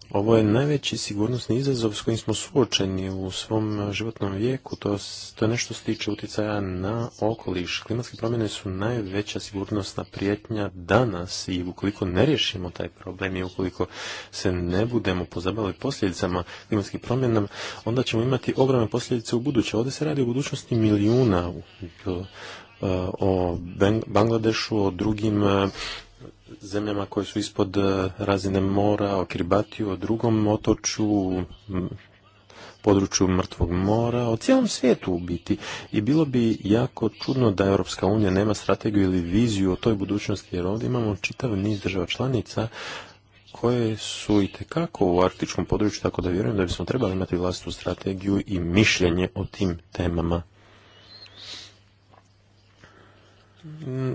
ovo je najveći sigurnosni izazov s kojim smo suočeni u svom životnom vijeku. To, je nešto se tiče utjecaja na okoliš. Klimatske promjene su najveća sigurnosna prijetnja danas i ukoliko ne riješimo taj problem i ukoliko se ne budemo pozabavili posljedicama klimatskih promjena, onda ćemo imati ogromne posljedice u buduće. Ovdje se radi o budućnosti milijuna o Bangladešu, o drugim zemljama koje su ispod e, razine mora, o Kiribatiju, o drugom otoču, području Mrtvog mora, o cijelom svijetu u biti. I bilo bi jako čudno da Europska unija nema strategiju ili viziju o toj budućnosti, jer ovdje imamo čitav niz država članica koje su i tekako u arktičkom području, tako da vjerujem da bismo trebali imati vlastitu strategiju i mišljenje o tim temama.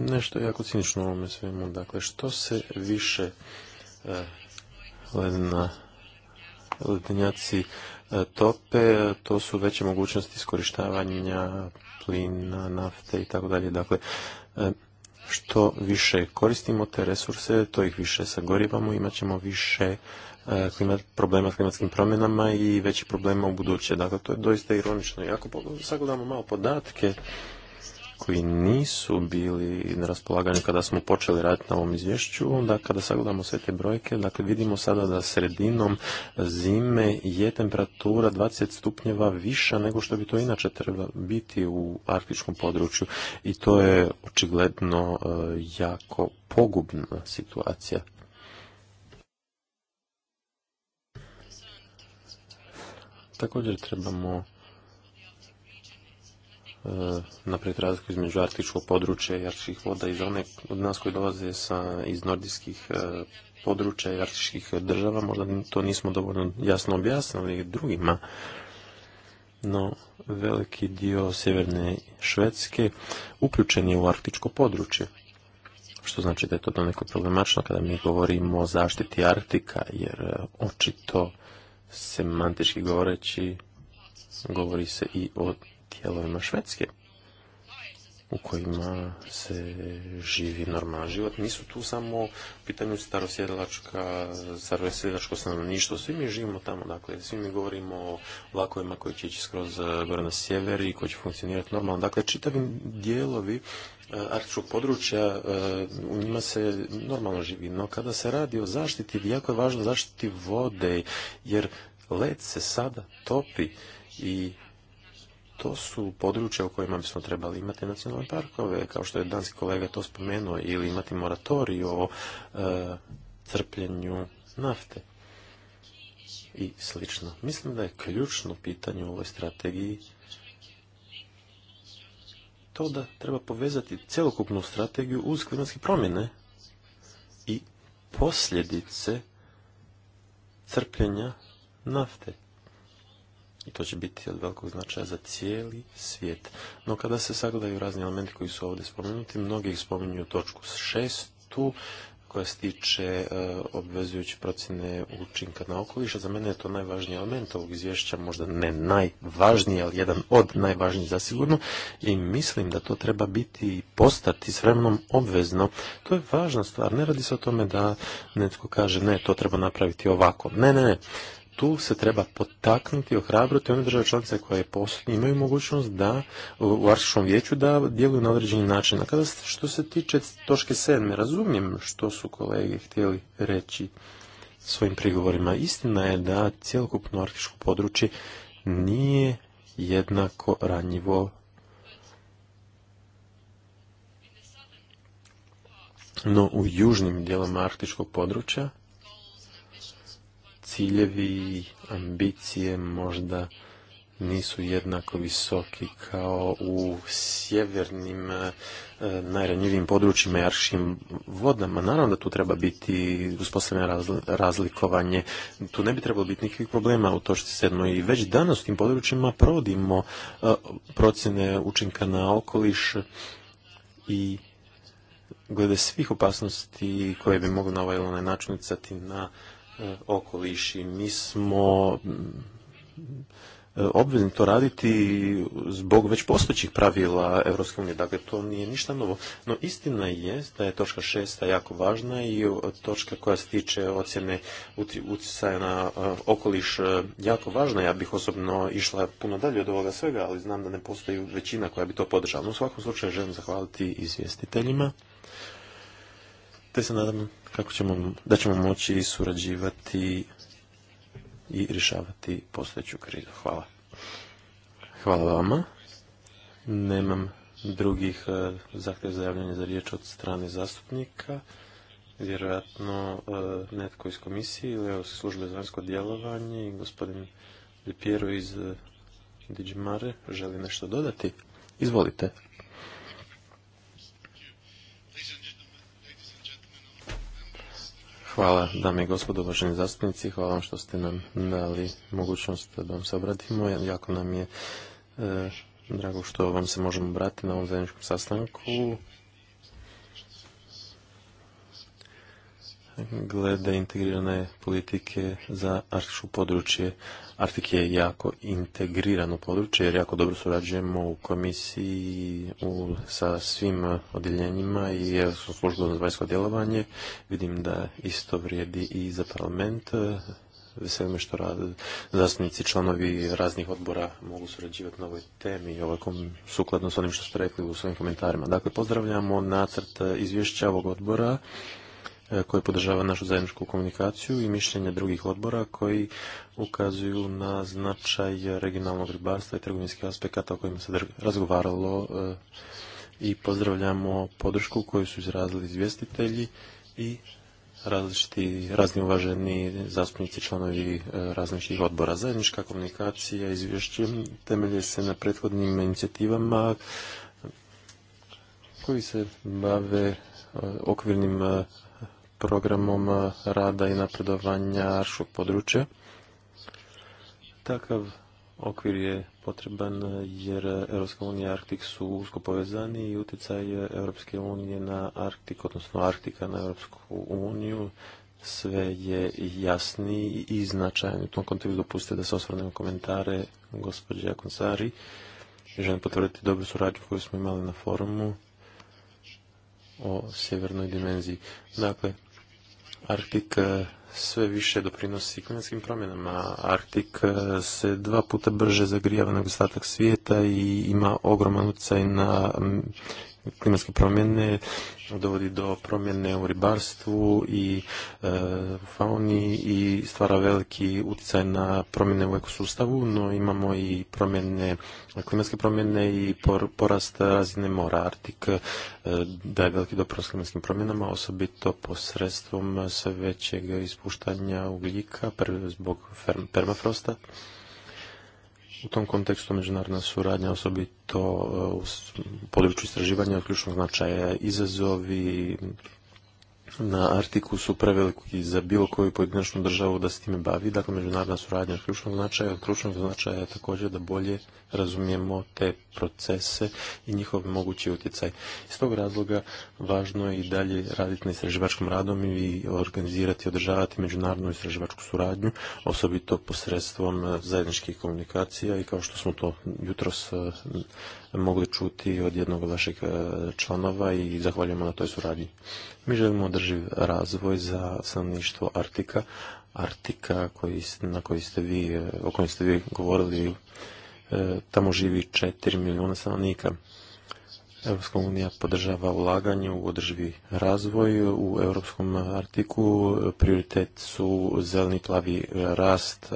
nešto jako cinično u ovome svemu. Dakle, što se više eh, ledna, ledenjaci eh, tope, to su veće mogućnosti iskorištavanja plina, nafte i tako dalje. Dakle, eh, što više koristimo te resurse, to ih više sagorivamo, imat ćemo više problema s klimatskim promjenama i veći problema u buduće. Dakle, to je doista ironično. I ako sagledamo malo podatke, koji nisu bili na raspolaganju kada smo počeli raditi na ovom izvješću, onda kada sagledamo sve te brojke, dakle vidimo sada da sredinom zime je temperatura 20 stupnjeva viša nego što bi to inače treba biti u arktičkom području i to je očigledno e, jako pogubna situacija. Također trebamo Eh, na razliku između arktičkog područja i arktičkih voda i za one od nas koji dolaze sa, iz nordijskih eh, područja i arktičkih država, možda to nismo dovoljno jasno objasnili drugima, no veliki dio sjeverne Švedske uključen je u arktičko područje. Što znači da je to neko problemačno kada mi govorimo o zaštiti Arktika, jer eh, očito semantički govoreći govori se i o dijelovima Švedske u kojima se živi normalan život. Nisu tu samo u pitanju starosjedilačka starosjedlačko stanovništvo. Svi mi živimo tamo, dakle, svi mi govorimo o vlakovima koji će ići skroz e, gore na sjever i koji će funkcionirati normalno. Dakle, čitavi dijelovi e, arktičkog područja, e, u njima se normalno živi. No, kada se radi o zaštiti, jako je važno zaštiti vode, jer led se sada topi i to su područja u kojima bismo trebali imati nacionalne parkove, kao što je danski kolega to spomenuo, ili imati moratoriju o e, crpljenju nafte i slično. Mislim da je ključno pitanje u ovoj strategiji to da treba povezati celokupnu strategiju uz klimatske promjene i posljedice crpljenja nafte i to će biti od velikog značaja za cijeli svijet. No kada se sagledaju razni elementi koji su ovdje spomenuti, mnogi ih spominju točku šestu, koja se tiče e, obvezujuće procjene učinka na okoliš. Za mene je to najvažniji element ovog izvješća, možda ne najvažniji, ali jedan od najvažnijih zasigurno. I mislim da to treba biti i postati s vremenom obvezno. To je važna stvar. Ne radi se o tome da netko kaže ne, to treba napraviti ovako. Ne, ne, ne tu se treba potaknuti, ohrabruti. one države članice koje postoje, imaju mogućnost da u Arktičkom vijeću da djeluju na određeni način. A kada što se tiče točke sedme, razumijem što su kolege htjeli reći svojim prigovorima. Istina je da cjelokupno arktičko područje nije jednako ranjivo no u južnim dijelama arktičkog područja ciljevi, ambicije možda nisu jednako visoki kao u sjevernim najranjivim e, najranjivijim područjima i aršim vodama. Naravno da tu treba biti uspostavljeno razlikovanje. Tu ne bi trebalo biti nikakvih problema u točci sedmo i već danas u tim područjima provodimo e, procjene učinka na okoliš i glede svih opasnosti koje bi mogu na ovaj ili onaj način na E, okoliš i mi smo mm, e, obvezni to raditi zbog već postojećih pravila EU. Dakle, to nije ništa novo. No, istina je da je točka šesta jako važna i točka koja se tiče ocjene utjecaja na e, okoliš jako važna. Ja bih osobno išla puno dalje od ovoga svega, ali znam da ne postoji većina koja bi to podržala. No, u svakom slučaju želim zahvaliti izvjestiteljima te se nadam kako ćemo, da ćemo moći surađivati i rješavati postojeću krizu. Hvala. Hvala vama. Nemam drugih e, zahtjeva za javljanje za riječ od strane zastupnika. Vjerojatno e, netko iz komisije ili službe za vanjsko djelovanje i gospodin Lipiero iz e, Digimare želi nešto dodati. Izvolite. Hvala, dame i gospodo, uvaženi zastupnici. Hvala vam što ste nam dali mogućnost da vam se obratimo. Jako nam je eh, drago što vam se možemo obratiti na ovom zajedničkom sastanku. glede integrirane politike za arktičko područje. Arktik je jako integrirano područje jer jako dobro surađujemo u komisiji u, sa svim odjeljenjima i Europskom službom za vanjsko djelovanje. Vidim da isto vrijedi i za parlament. Veselim me što rad, zastupnici članovi raznih odbora mogu surađivati na ovoj temi i ovako sukladno s onim što ste rekli u svojim komentarima. Dakle, pozdravljamo nacrt izvješća ovog odbora E, koje podržava našu zajedničku komunikaciju i mišljenje drugih odbora koji ukazuju na značaj regionalnog ribarstva i trgovinskih aspekata o kojima se razgovaralo e, i pozdravljamo podršku koju su izrazili izvjestitelji i različiti, razni uvaženi zastupnici članovi e, različitih odbora. Zajednička komunikacija izvješćem temelje se na prethodnim inicijativama koji se bave okvirnim programom eh, rada i napredovanja aršog područja. Takav okvir je potreban eh, jer Europska unija i Arktik su usko povezani i utjecaj Europske unije na Arktik, odnosno Arktika na Europsku uniju, sve je jasni i značajan. U tom kontekstu dopustite da se osvrnem komentare gospođe Akonsari. Želim potvrditi dobru suradnju koju smo imali na forumu o sjevernoj dimenziji. Dakle, Arktik eh, sve više doprinosi klimatskim promjenama. Arktik eh, se dva puta brže zagrijava nego ostatak svijeta i ima ogroman utjecaj na mm, klimatske promjene dovodi do promjene u ribarstvu i e, fauni i stvara veliki utjecaj na promjene u ekosustavu, no imamo i promjene, klimatske promjene i porast razine mora. Artik e, daje veliki doprinos klimatskim promjenama, osobito posredstvom sve većeg ispuštanja ugljika zbog permafrosta u tom kontekstu međunarodna suradnja, osobito e, u području istraživanja od ključnog značaja izazovi na Artiku su preveliki za bilo koju pojedinačnu državu da se time bavi. Dakle, međunarodna suradnja od ključnog značaja, od ključnog značaja je također da bolje razumijemo te procese i njihov mogući utjecaj. Iz tog razloga važno je i dalje raditi na istraživačkom radom i organizirati i održavati međunarodnu istraživačku suradnju, osobito posredstvom zajedničkih komunikacija i kao što smo to jutros e, mogli čuti od jednog od vaših e, članova i zahvaljujemo na toj suradnji. Mi želimo održiv razvoj za stanovništvo Artika, Artika koji, na koji ste vi, e, o kojem ste vi govorili E, tamo živi 4 milijuna stanovnika. Europska unija podržava ulaganje u održivi razvoj. U europskom artiku prioritet su zeleni plavi rast.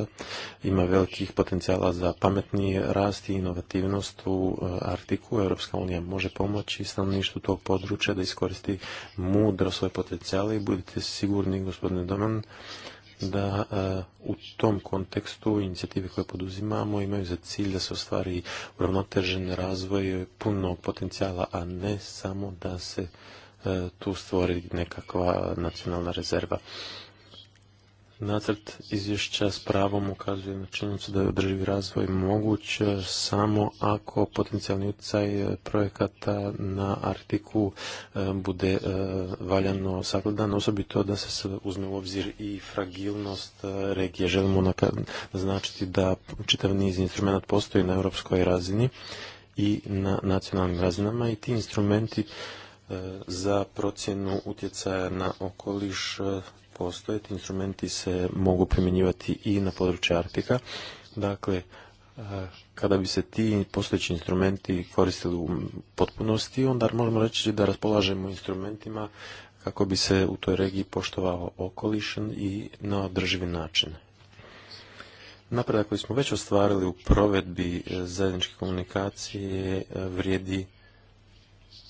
Ima velikih potencijala za pametni rast i inovativnost u e, artiku. Europska unija može pomoći stanovništvu tog područja da iskoristi mudro svoje potencijale i budite sigurni, gospodine Doman, da e, u tom kontekstu inicijative koje poduzimamo imaju za cilj da se ostvari uravnotežen razvoj punog potencijala, a ne samo da se e, tu stvori nekakva nacionalna rezerva. Nacrt izvješća s pravom ukazuje na činjenicu da je održivi razvoj moguć samo ako potencijalni utjecaj e, projekata na Arktiku e, bude e, valjano sagledan, osobito da se uzme u obzir i fragilnost regije. Želimo značiti da čitav niz instrumenta postoji na europskoj razini i na nacionalnim razinama i ti instrumenti za procjenu utjecaja na okoliš postoje, instrumenti se mogu primjenjivati i na području Arktika. Dakle, e, kada bi se ti postojeći instrumenti koristili u potpunosti, onda možemo reći da raspolažemo instrumentima kako bi se u toj regiji poštovao okoliš i na održivi način. Napredak koji smo već ostvarili u provedbi e, zajedničke komunikacije e, vrijedi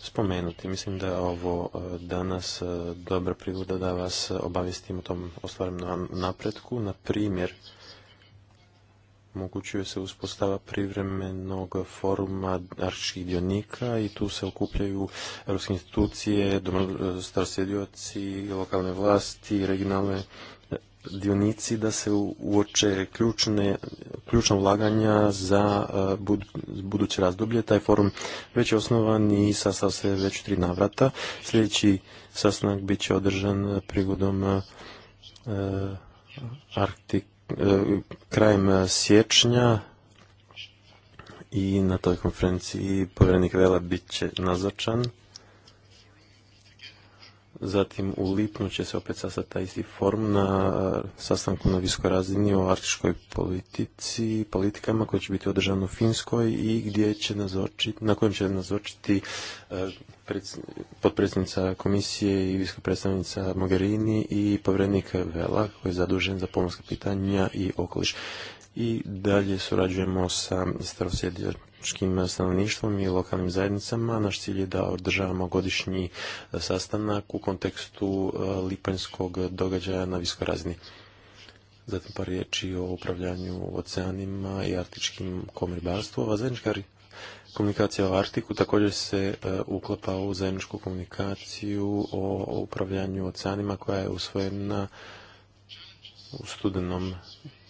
spomenuti. Mislim da je ovo e, danas e, dobra prigoda da vas obavistim o tom ostvarenom napretku. Na primjer, omogućuje se uspostava privremenog foruma arčkih dionika i tu se okupljaju europske institucije, e, starosjedioci, lokalne vlasti, regionalne dionici da se uoče ključne, ključna ulaganja za e, buduće razdoblje. Taj forum već je osnovan i sastav se već tri navrata. Sljedeći sastanak bit će održan prigodom e, e, krajem siječnja i na toj konferenciji povjerenik Vela bit će nazočan Zatim u lipnju će se opet sastati taj isti forum na eh, sastanku na viskoj razini o arktičkoj politici, politikama koje će biti održano u Finskoj i gdje će nazočiti, na kojem će nazočiti eh, potpredsjednica komisije i viska predstavnica Mogherini i povrednik Vela koji je zadužen za pomorska pitanja i okoliš. I dalje surađujemo sa starosjedijom stanovništvom i lokalnim zajednicama. Naš cilj je da održavamo godišnji e, sastanak u kontekstu e, lipanjskog događaja na viskoj razini. Zatim par riječi o upravljanju oceanima i artičkim komribarstvom, a zajednička komunikacija o Artiku također se e, uklapa u zajedničku komunikaciju o upravljanju oceanima koja je usvojena u studenom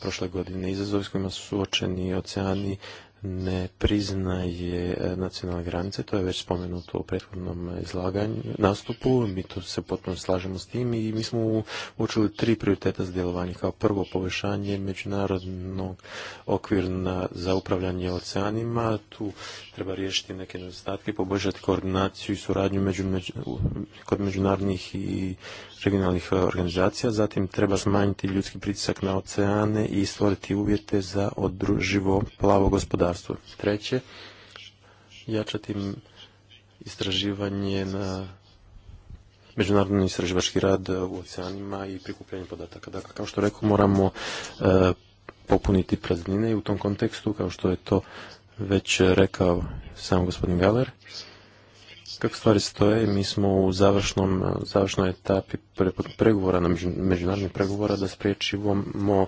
prošle godine. Izazovi s kojima su suočeni oceani ne priznaje e, nacionalne granice, to je već spomenuto u prethodnom izlaganju, nastupu, mi to se potpuno slažemo s tim i mi smo učili tri prioriteta za djelovanje. Kao prvo poboljšanje međunarodnog okvirna za upravljanje oceanima, tu treba riješiti neke nedostatke, poboljšati koordinaciju i suradnju kod međunarodnih i regionalnih e, organizacija, zatim treba smanjiti ljudski pritisak na oceane i stvoriti uvjete za odruživo plavo gospodarstvo. Treće, jačati istraživanje na međunarodni istraživački rad u oceanima i prikupljanje podataka. Dakle, kao što rekao, moramo e, popuniti praznine i u tom kontekstu, kao što je to već rekao sam gospodin Galer, kako stvari stoje, mi smo u završnom, završnoj etapi pregovora, na međunarodnih pregovora da spriječivamo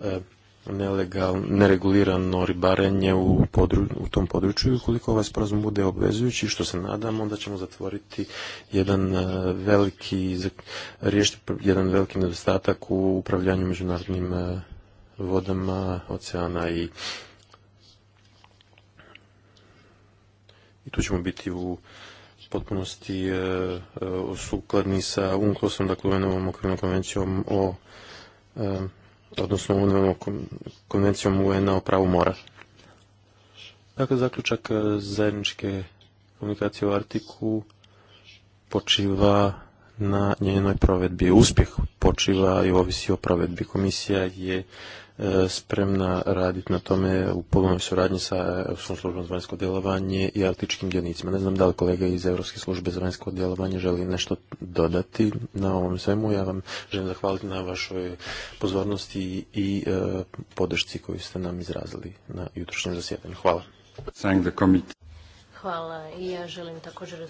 e, nelegalno, neregulirano ribarenje u, tom području. Ukoliko ovaj sporazum bude obvezujući, što se nadamo, onda ćemo zatvoriti jedan e, veliki, riješiti jedan veliki nedostatak u upravljanju međunarodnim e, vodama, oceana i i tu ćemo biti u potpunosti e, e, sukladni sa UNCLOS-om, dakle un okvirnom konvencijom o e, odnosno un konvencijom UN-a o pravu mora. Dakle, zaključak zajedničke komunikacije u Artiku počiva na njenoj provedbi. Uspjeh počiva i ovisi o provedbi. Komisija je E, spremna raditi na tome u polovnoj suradnji sa Europskom službom za vanjsko djelovanje i artičkim dionicima. Ne znam da li kolega iz Europske službe za vanjsko djelovanje želi nešto dodati na ovom svemu. Ja vam želim zahvaliti na vašoj pozornosti i e, podršci koju ste nam izrazili na jutrošnjem zasjedanju. Hvala. Hvala i ja želim također e,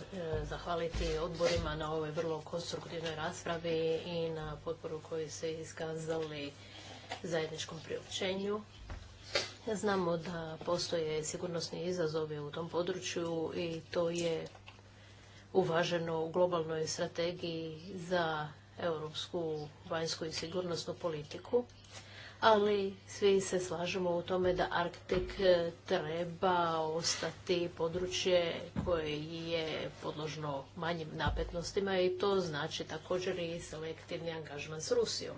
zahvaliti odborima na ovoj vrlo konstruktivnoj raspravi i na potporu koju se iskazali zajedničkom priopćenju. Znamo da postoje sigurnosni izazovi u tom području i to je uvaženo u globalnoj strategiji za europsku vanjsku i sigurnosnu politiku, ali svi se slažemo u tome da Arktik treba ostati područje koje je podložno manjim napetnostima i to znači također i selektivni angažman s Rusijom.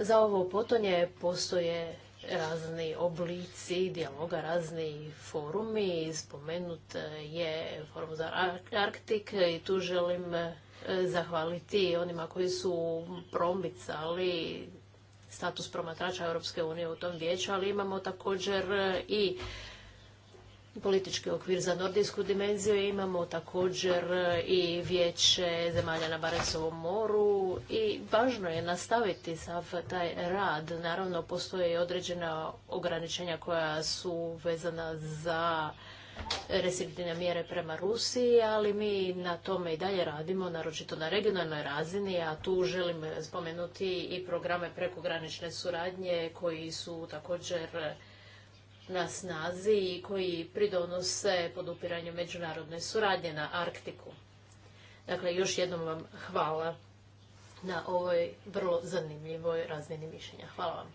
Za ovo potonje postoje razni oblici dijaloga, razni forumi. Spomenut je forum za Arktik i tu želim e, zahvaliti onima koji su promicali status promatrača Europske unije u tom vijeću, ali imamo također i politički okvir za nordijsku dimenziju. Imamo također i vijeće zemalja na Barecovom moru i važno je nastaviti sav taj rad. Naravno, postoje i određena ograničenja koja su vezana za restriktivne mjere prema Rusiji, ali mi na tome i dalje radimo, naročito na regionalnoj razini, a tu želim spomenuti i programe prekogranične suradnje koji su također na snazi i koji pridonose podupiranju međunarodne suradnje na Arktiku. Dakle, još jednom vam hvala na ovoj vrlo zanimljivoj razmjeni mišljenja. Hvala vam.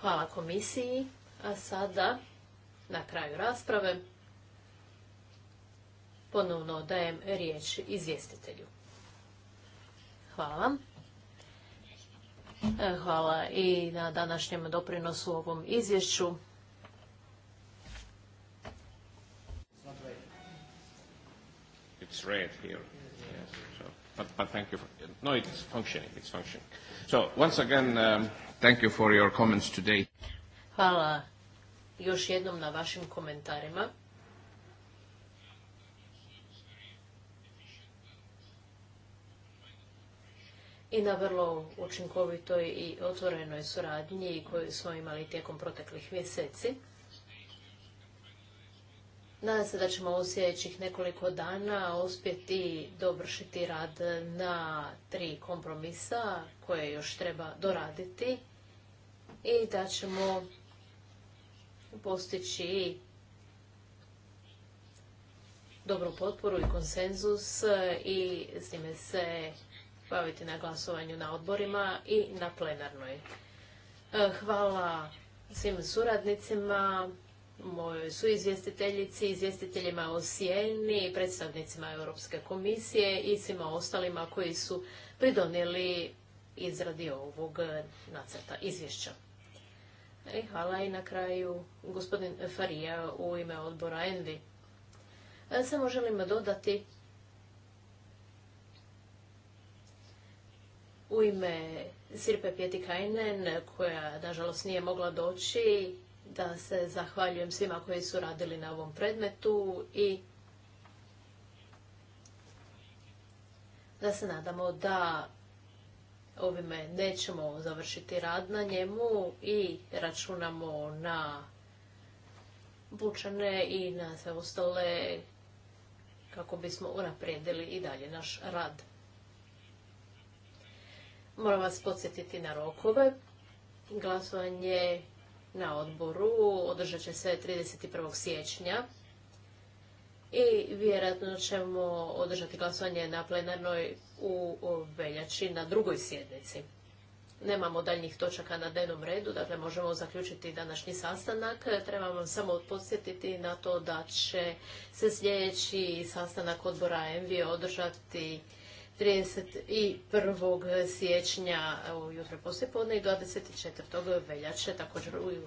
Hvala komisiji. A sada, na kraju rasprave, ponovno dajem riječ izvjestitelju. Hvala vam. Hvala i na današnjem doprinosu ovom izvješću. it's red here. Yes. So, but, but thank you. For, no, it's functioning. It's functioning. So, once again, um, thank you for your comments today. Hvala još jednom na vašim komentarima. i na vrlo učinkovitoj i otvorenoj suradnji koju smo imali tijekom proteklih mjeseci. Nadam se da ćemo u sljedećih nekoliko dana uspjeti dovršiti rad na tri kompromisa koje još treba doraditi i da ćemo postići dobru potporu i konsenzus i s time se baviti na glasovanju na odborima i na plenarnoj. Hvala svim suradnicima mojoj su izvjestiteljici, izvjestiteljima o Sijeni, predstavnicima Europske komisije i svima ostalima koji su pridonijeli izradi ovog nacrta izvješća. I e, hvala i na kraju gospodin Farija u ime odbora Envi. E, samo želim dodati u ime Sirpe Pjetikajnen, koja nažalost nije mogla doći da se zahvaljujem svima koji su radili na ovom predmetu i da se nadamo da ovime nećemo završiti rad na njemu i računamo na bučane i na sve ostale kako bismo unaprijedili i dalje naš rad. Moram vas podsjetiti na rokove. Glasovanje na odboru. Održat će se 31. siječnja i vjerojatno ćemo održati glasovanje na plenarnoj u veljači na drugoj sjednici. Nemamo daljnjih točaka na dnevnom redu, dakle možemo zaključiti današnji sastanak. Trebamo vam samo podsjetiti na to da će se sljedeći sastanak odbora MV održati 31. siječnja ujutro poslijepodne i 24. veljače također ujutro.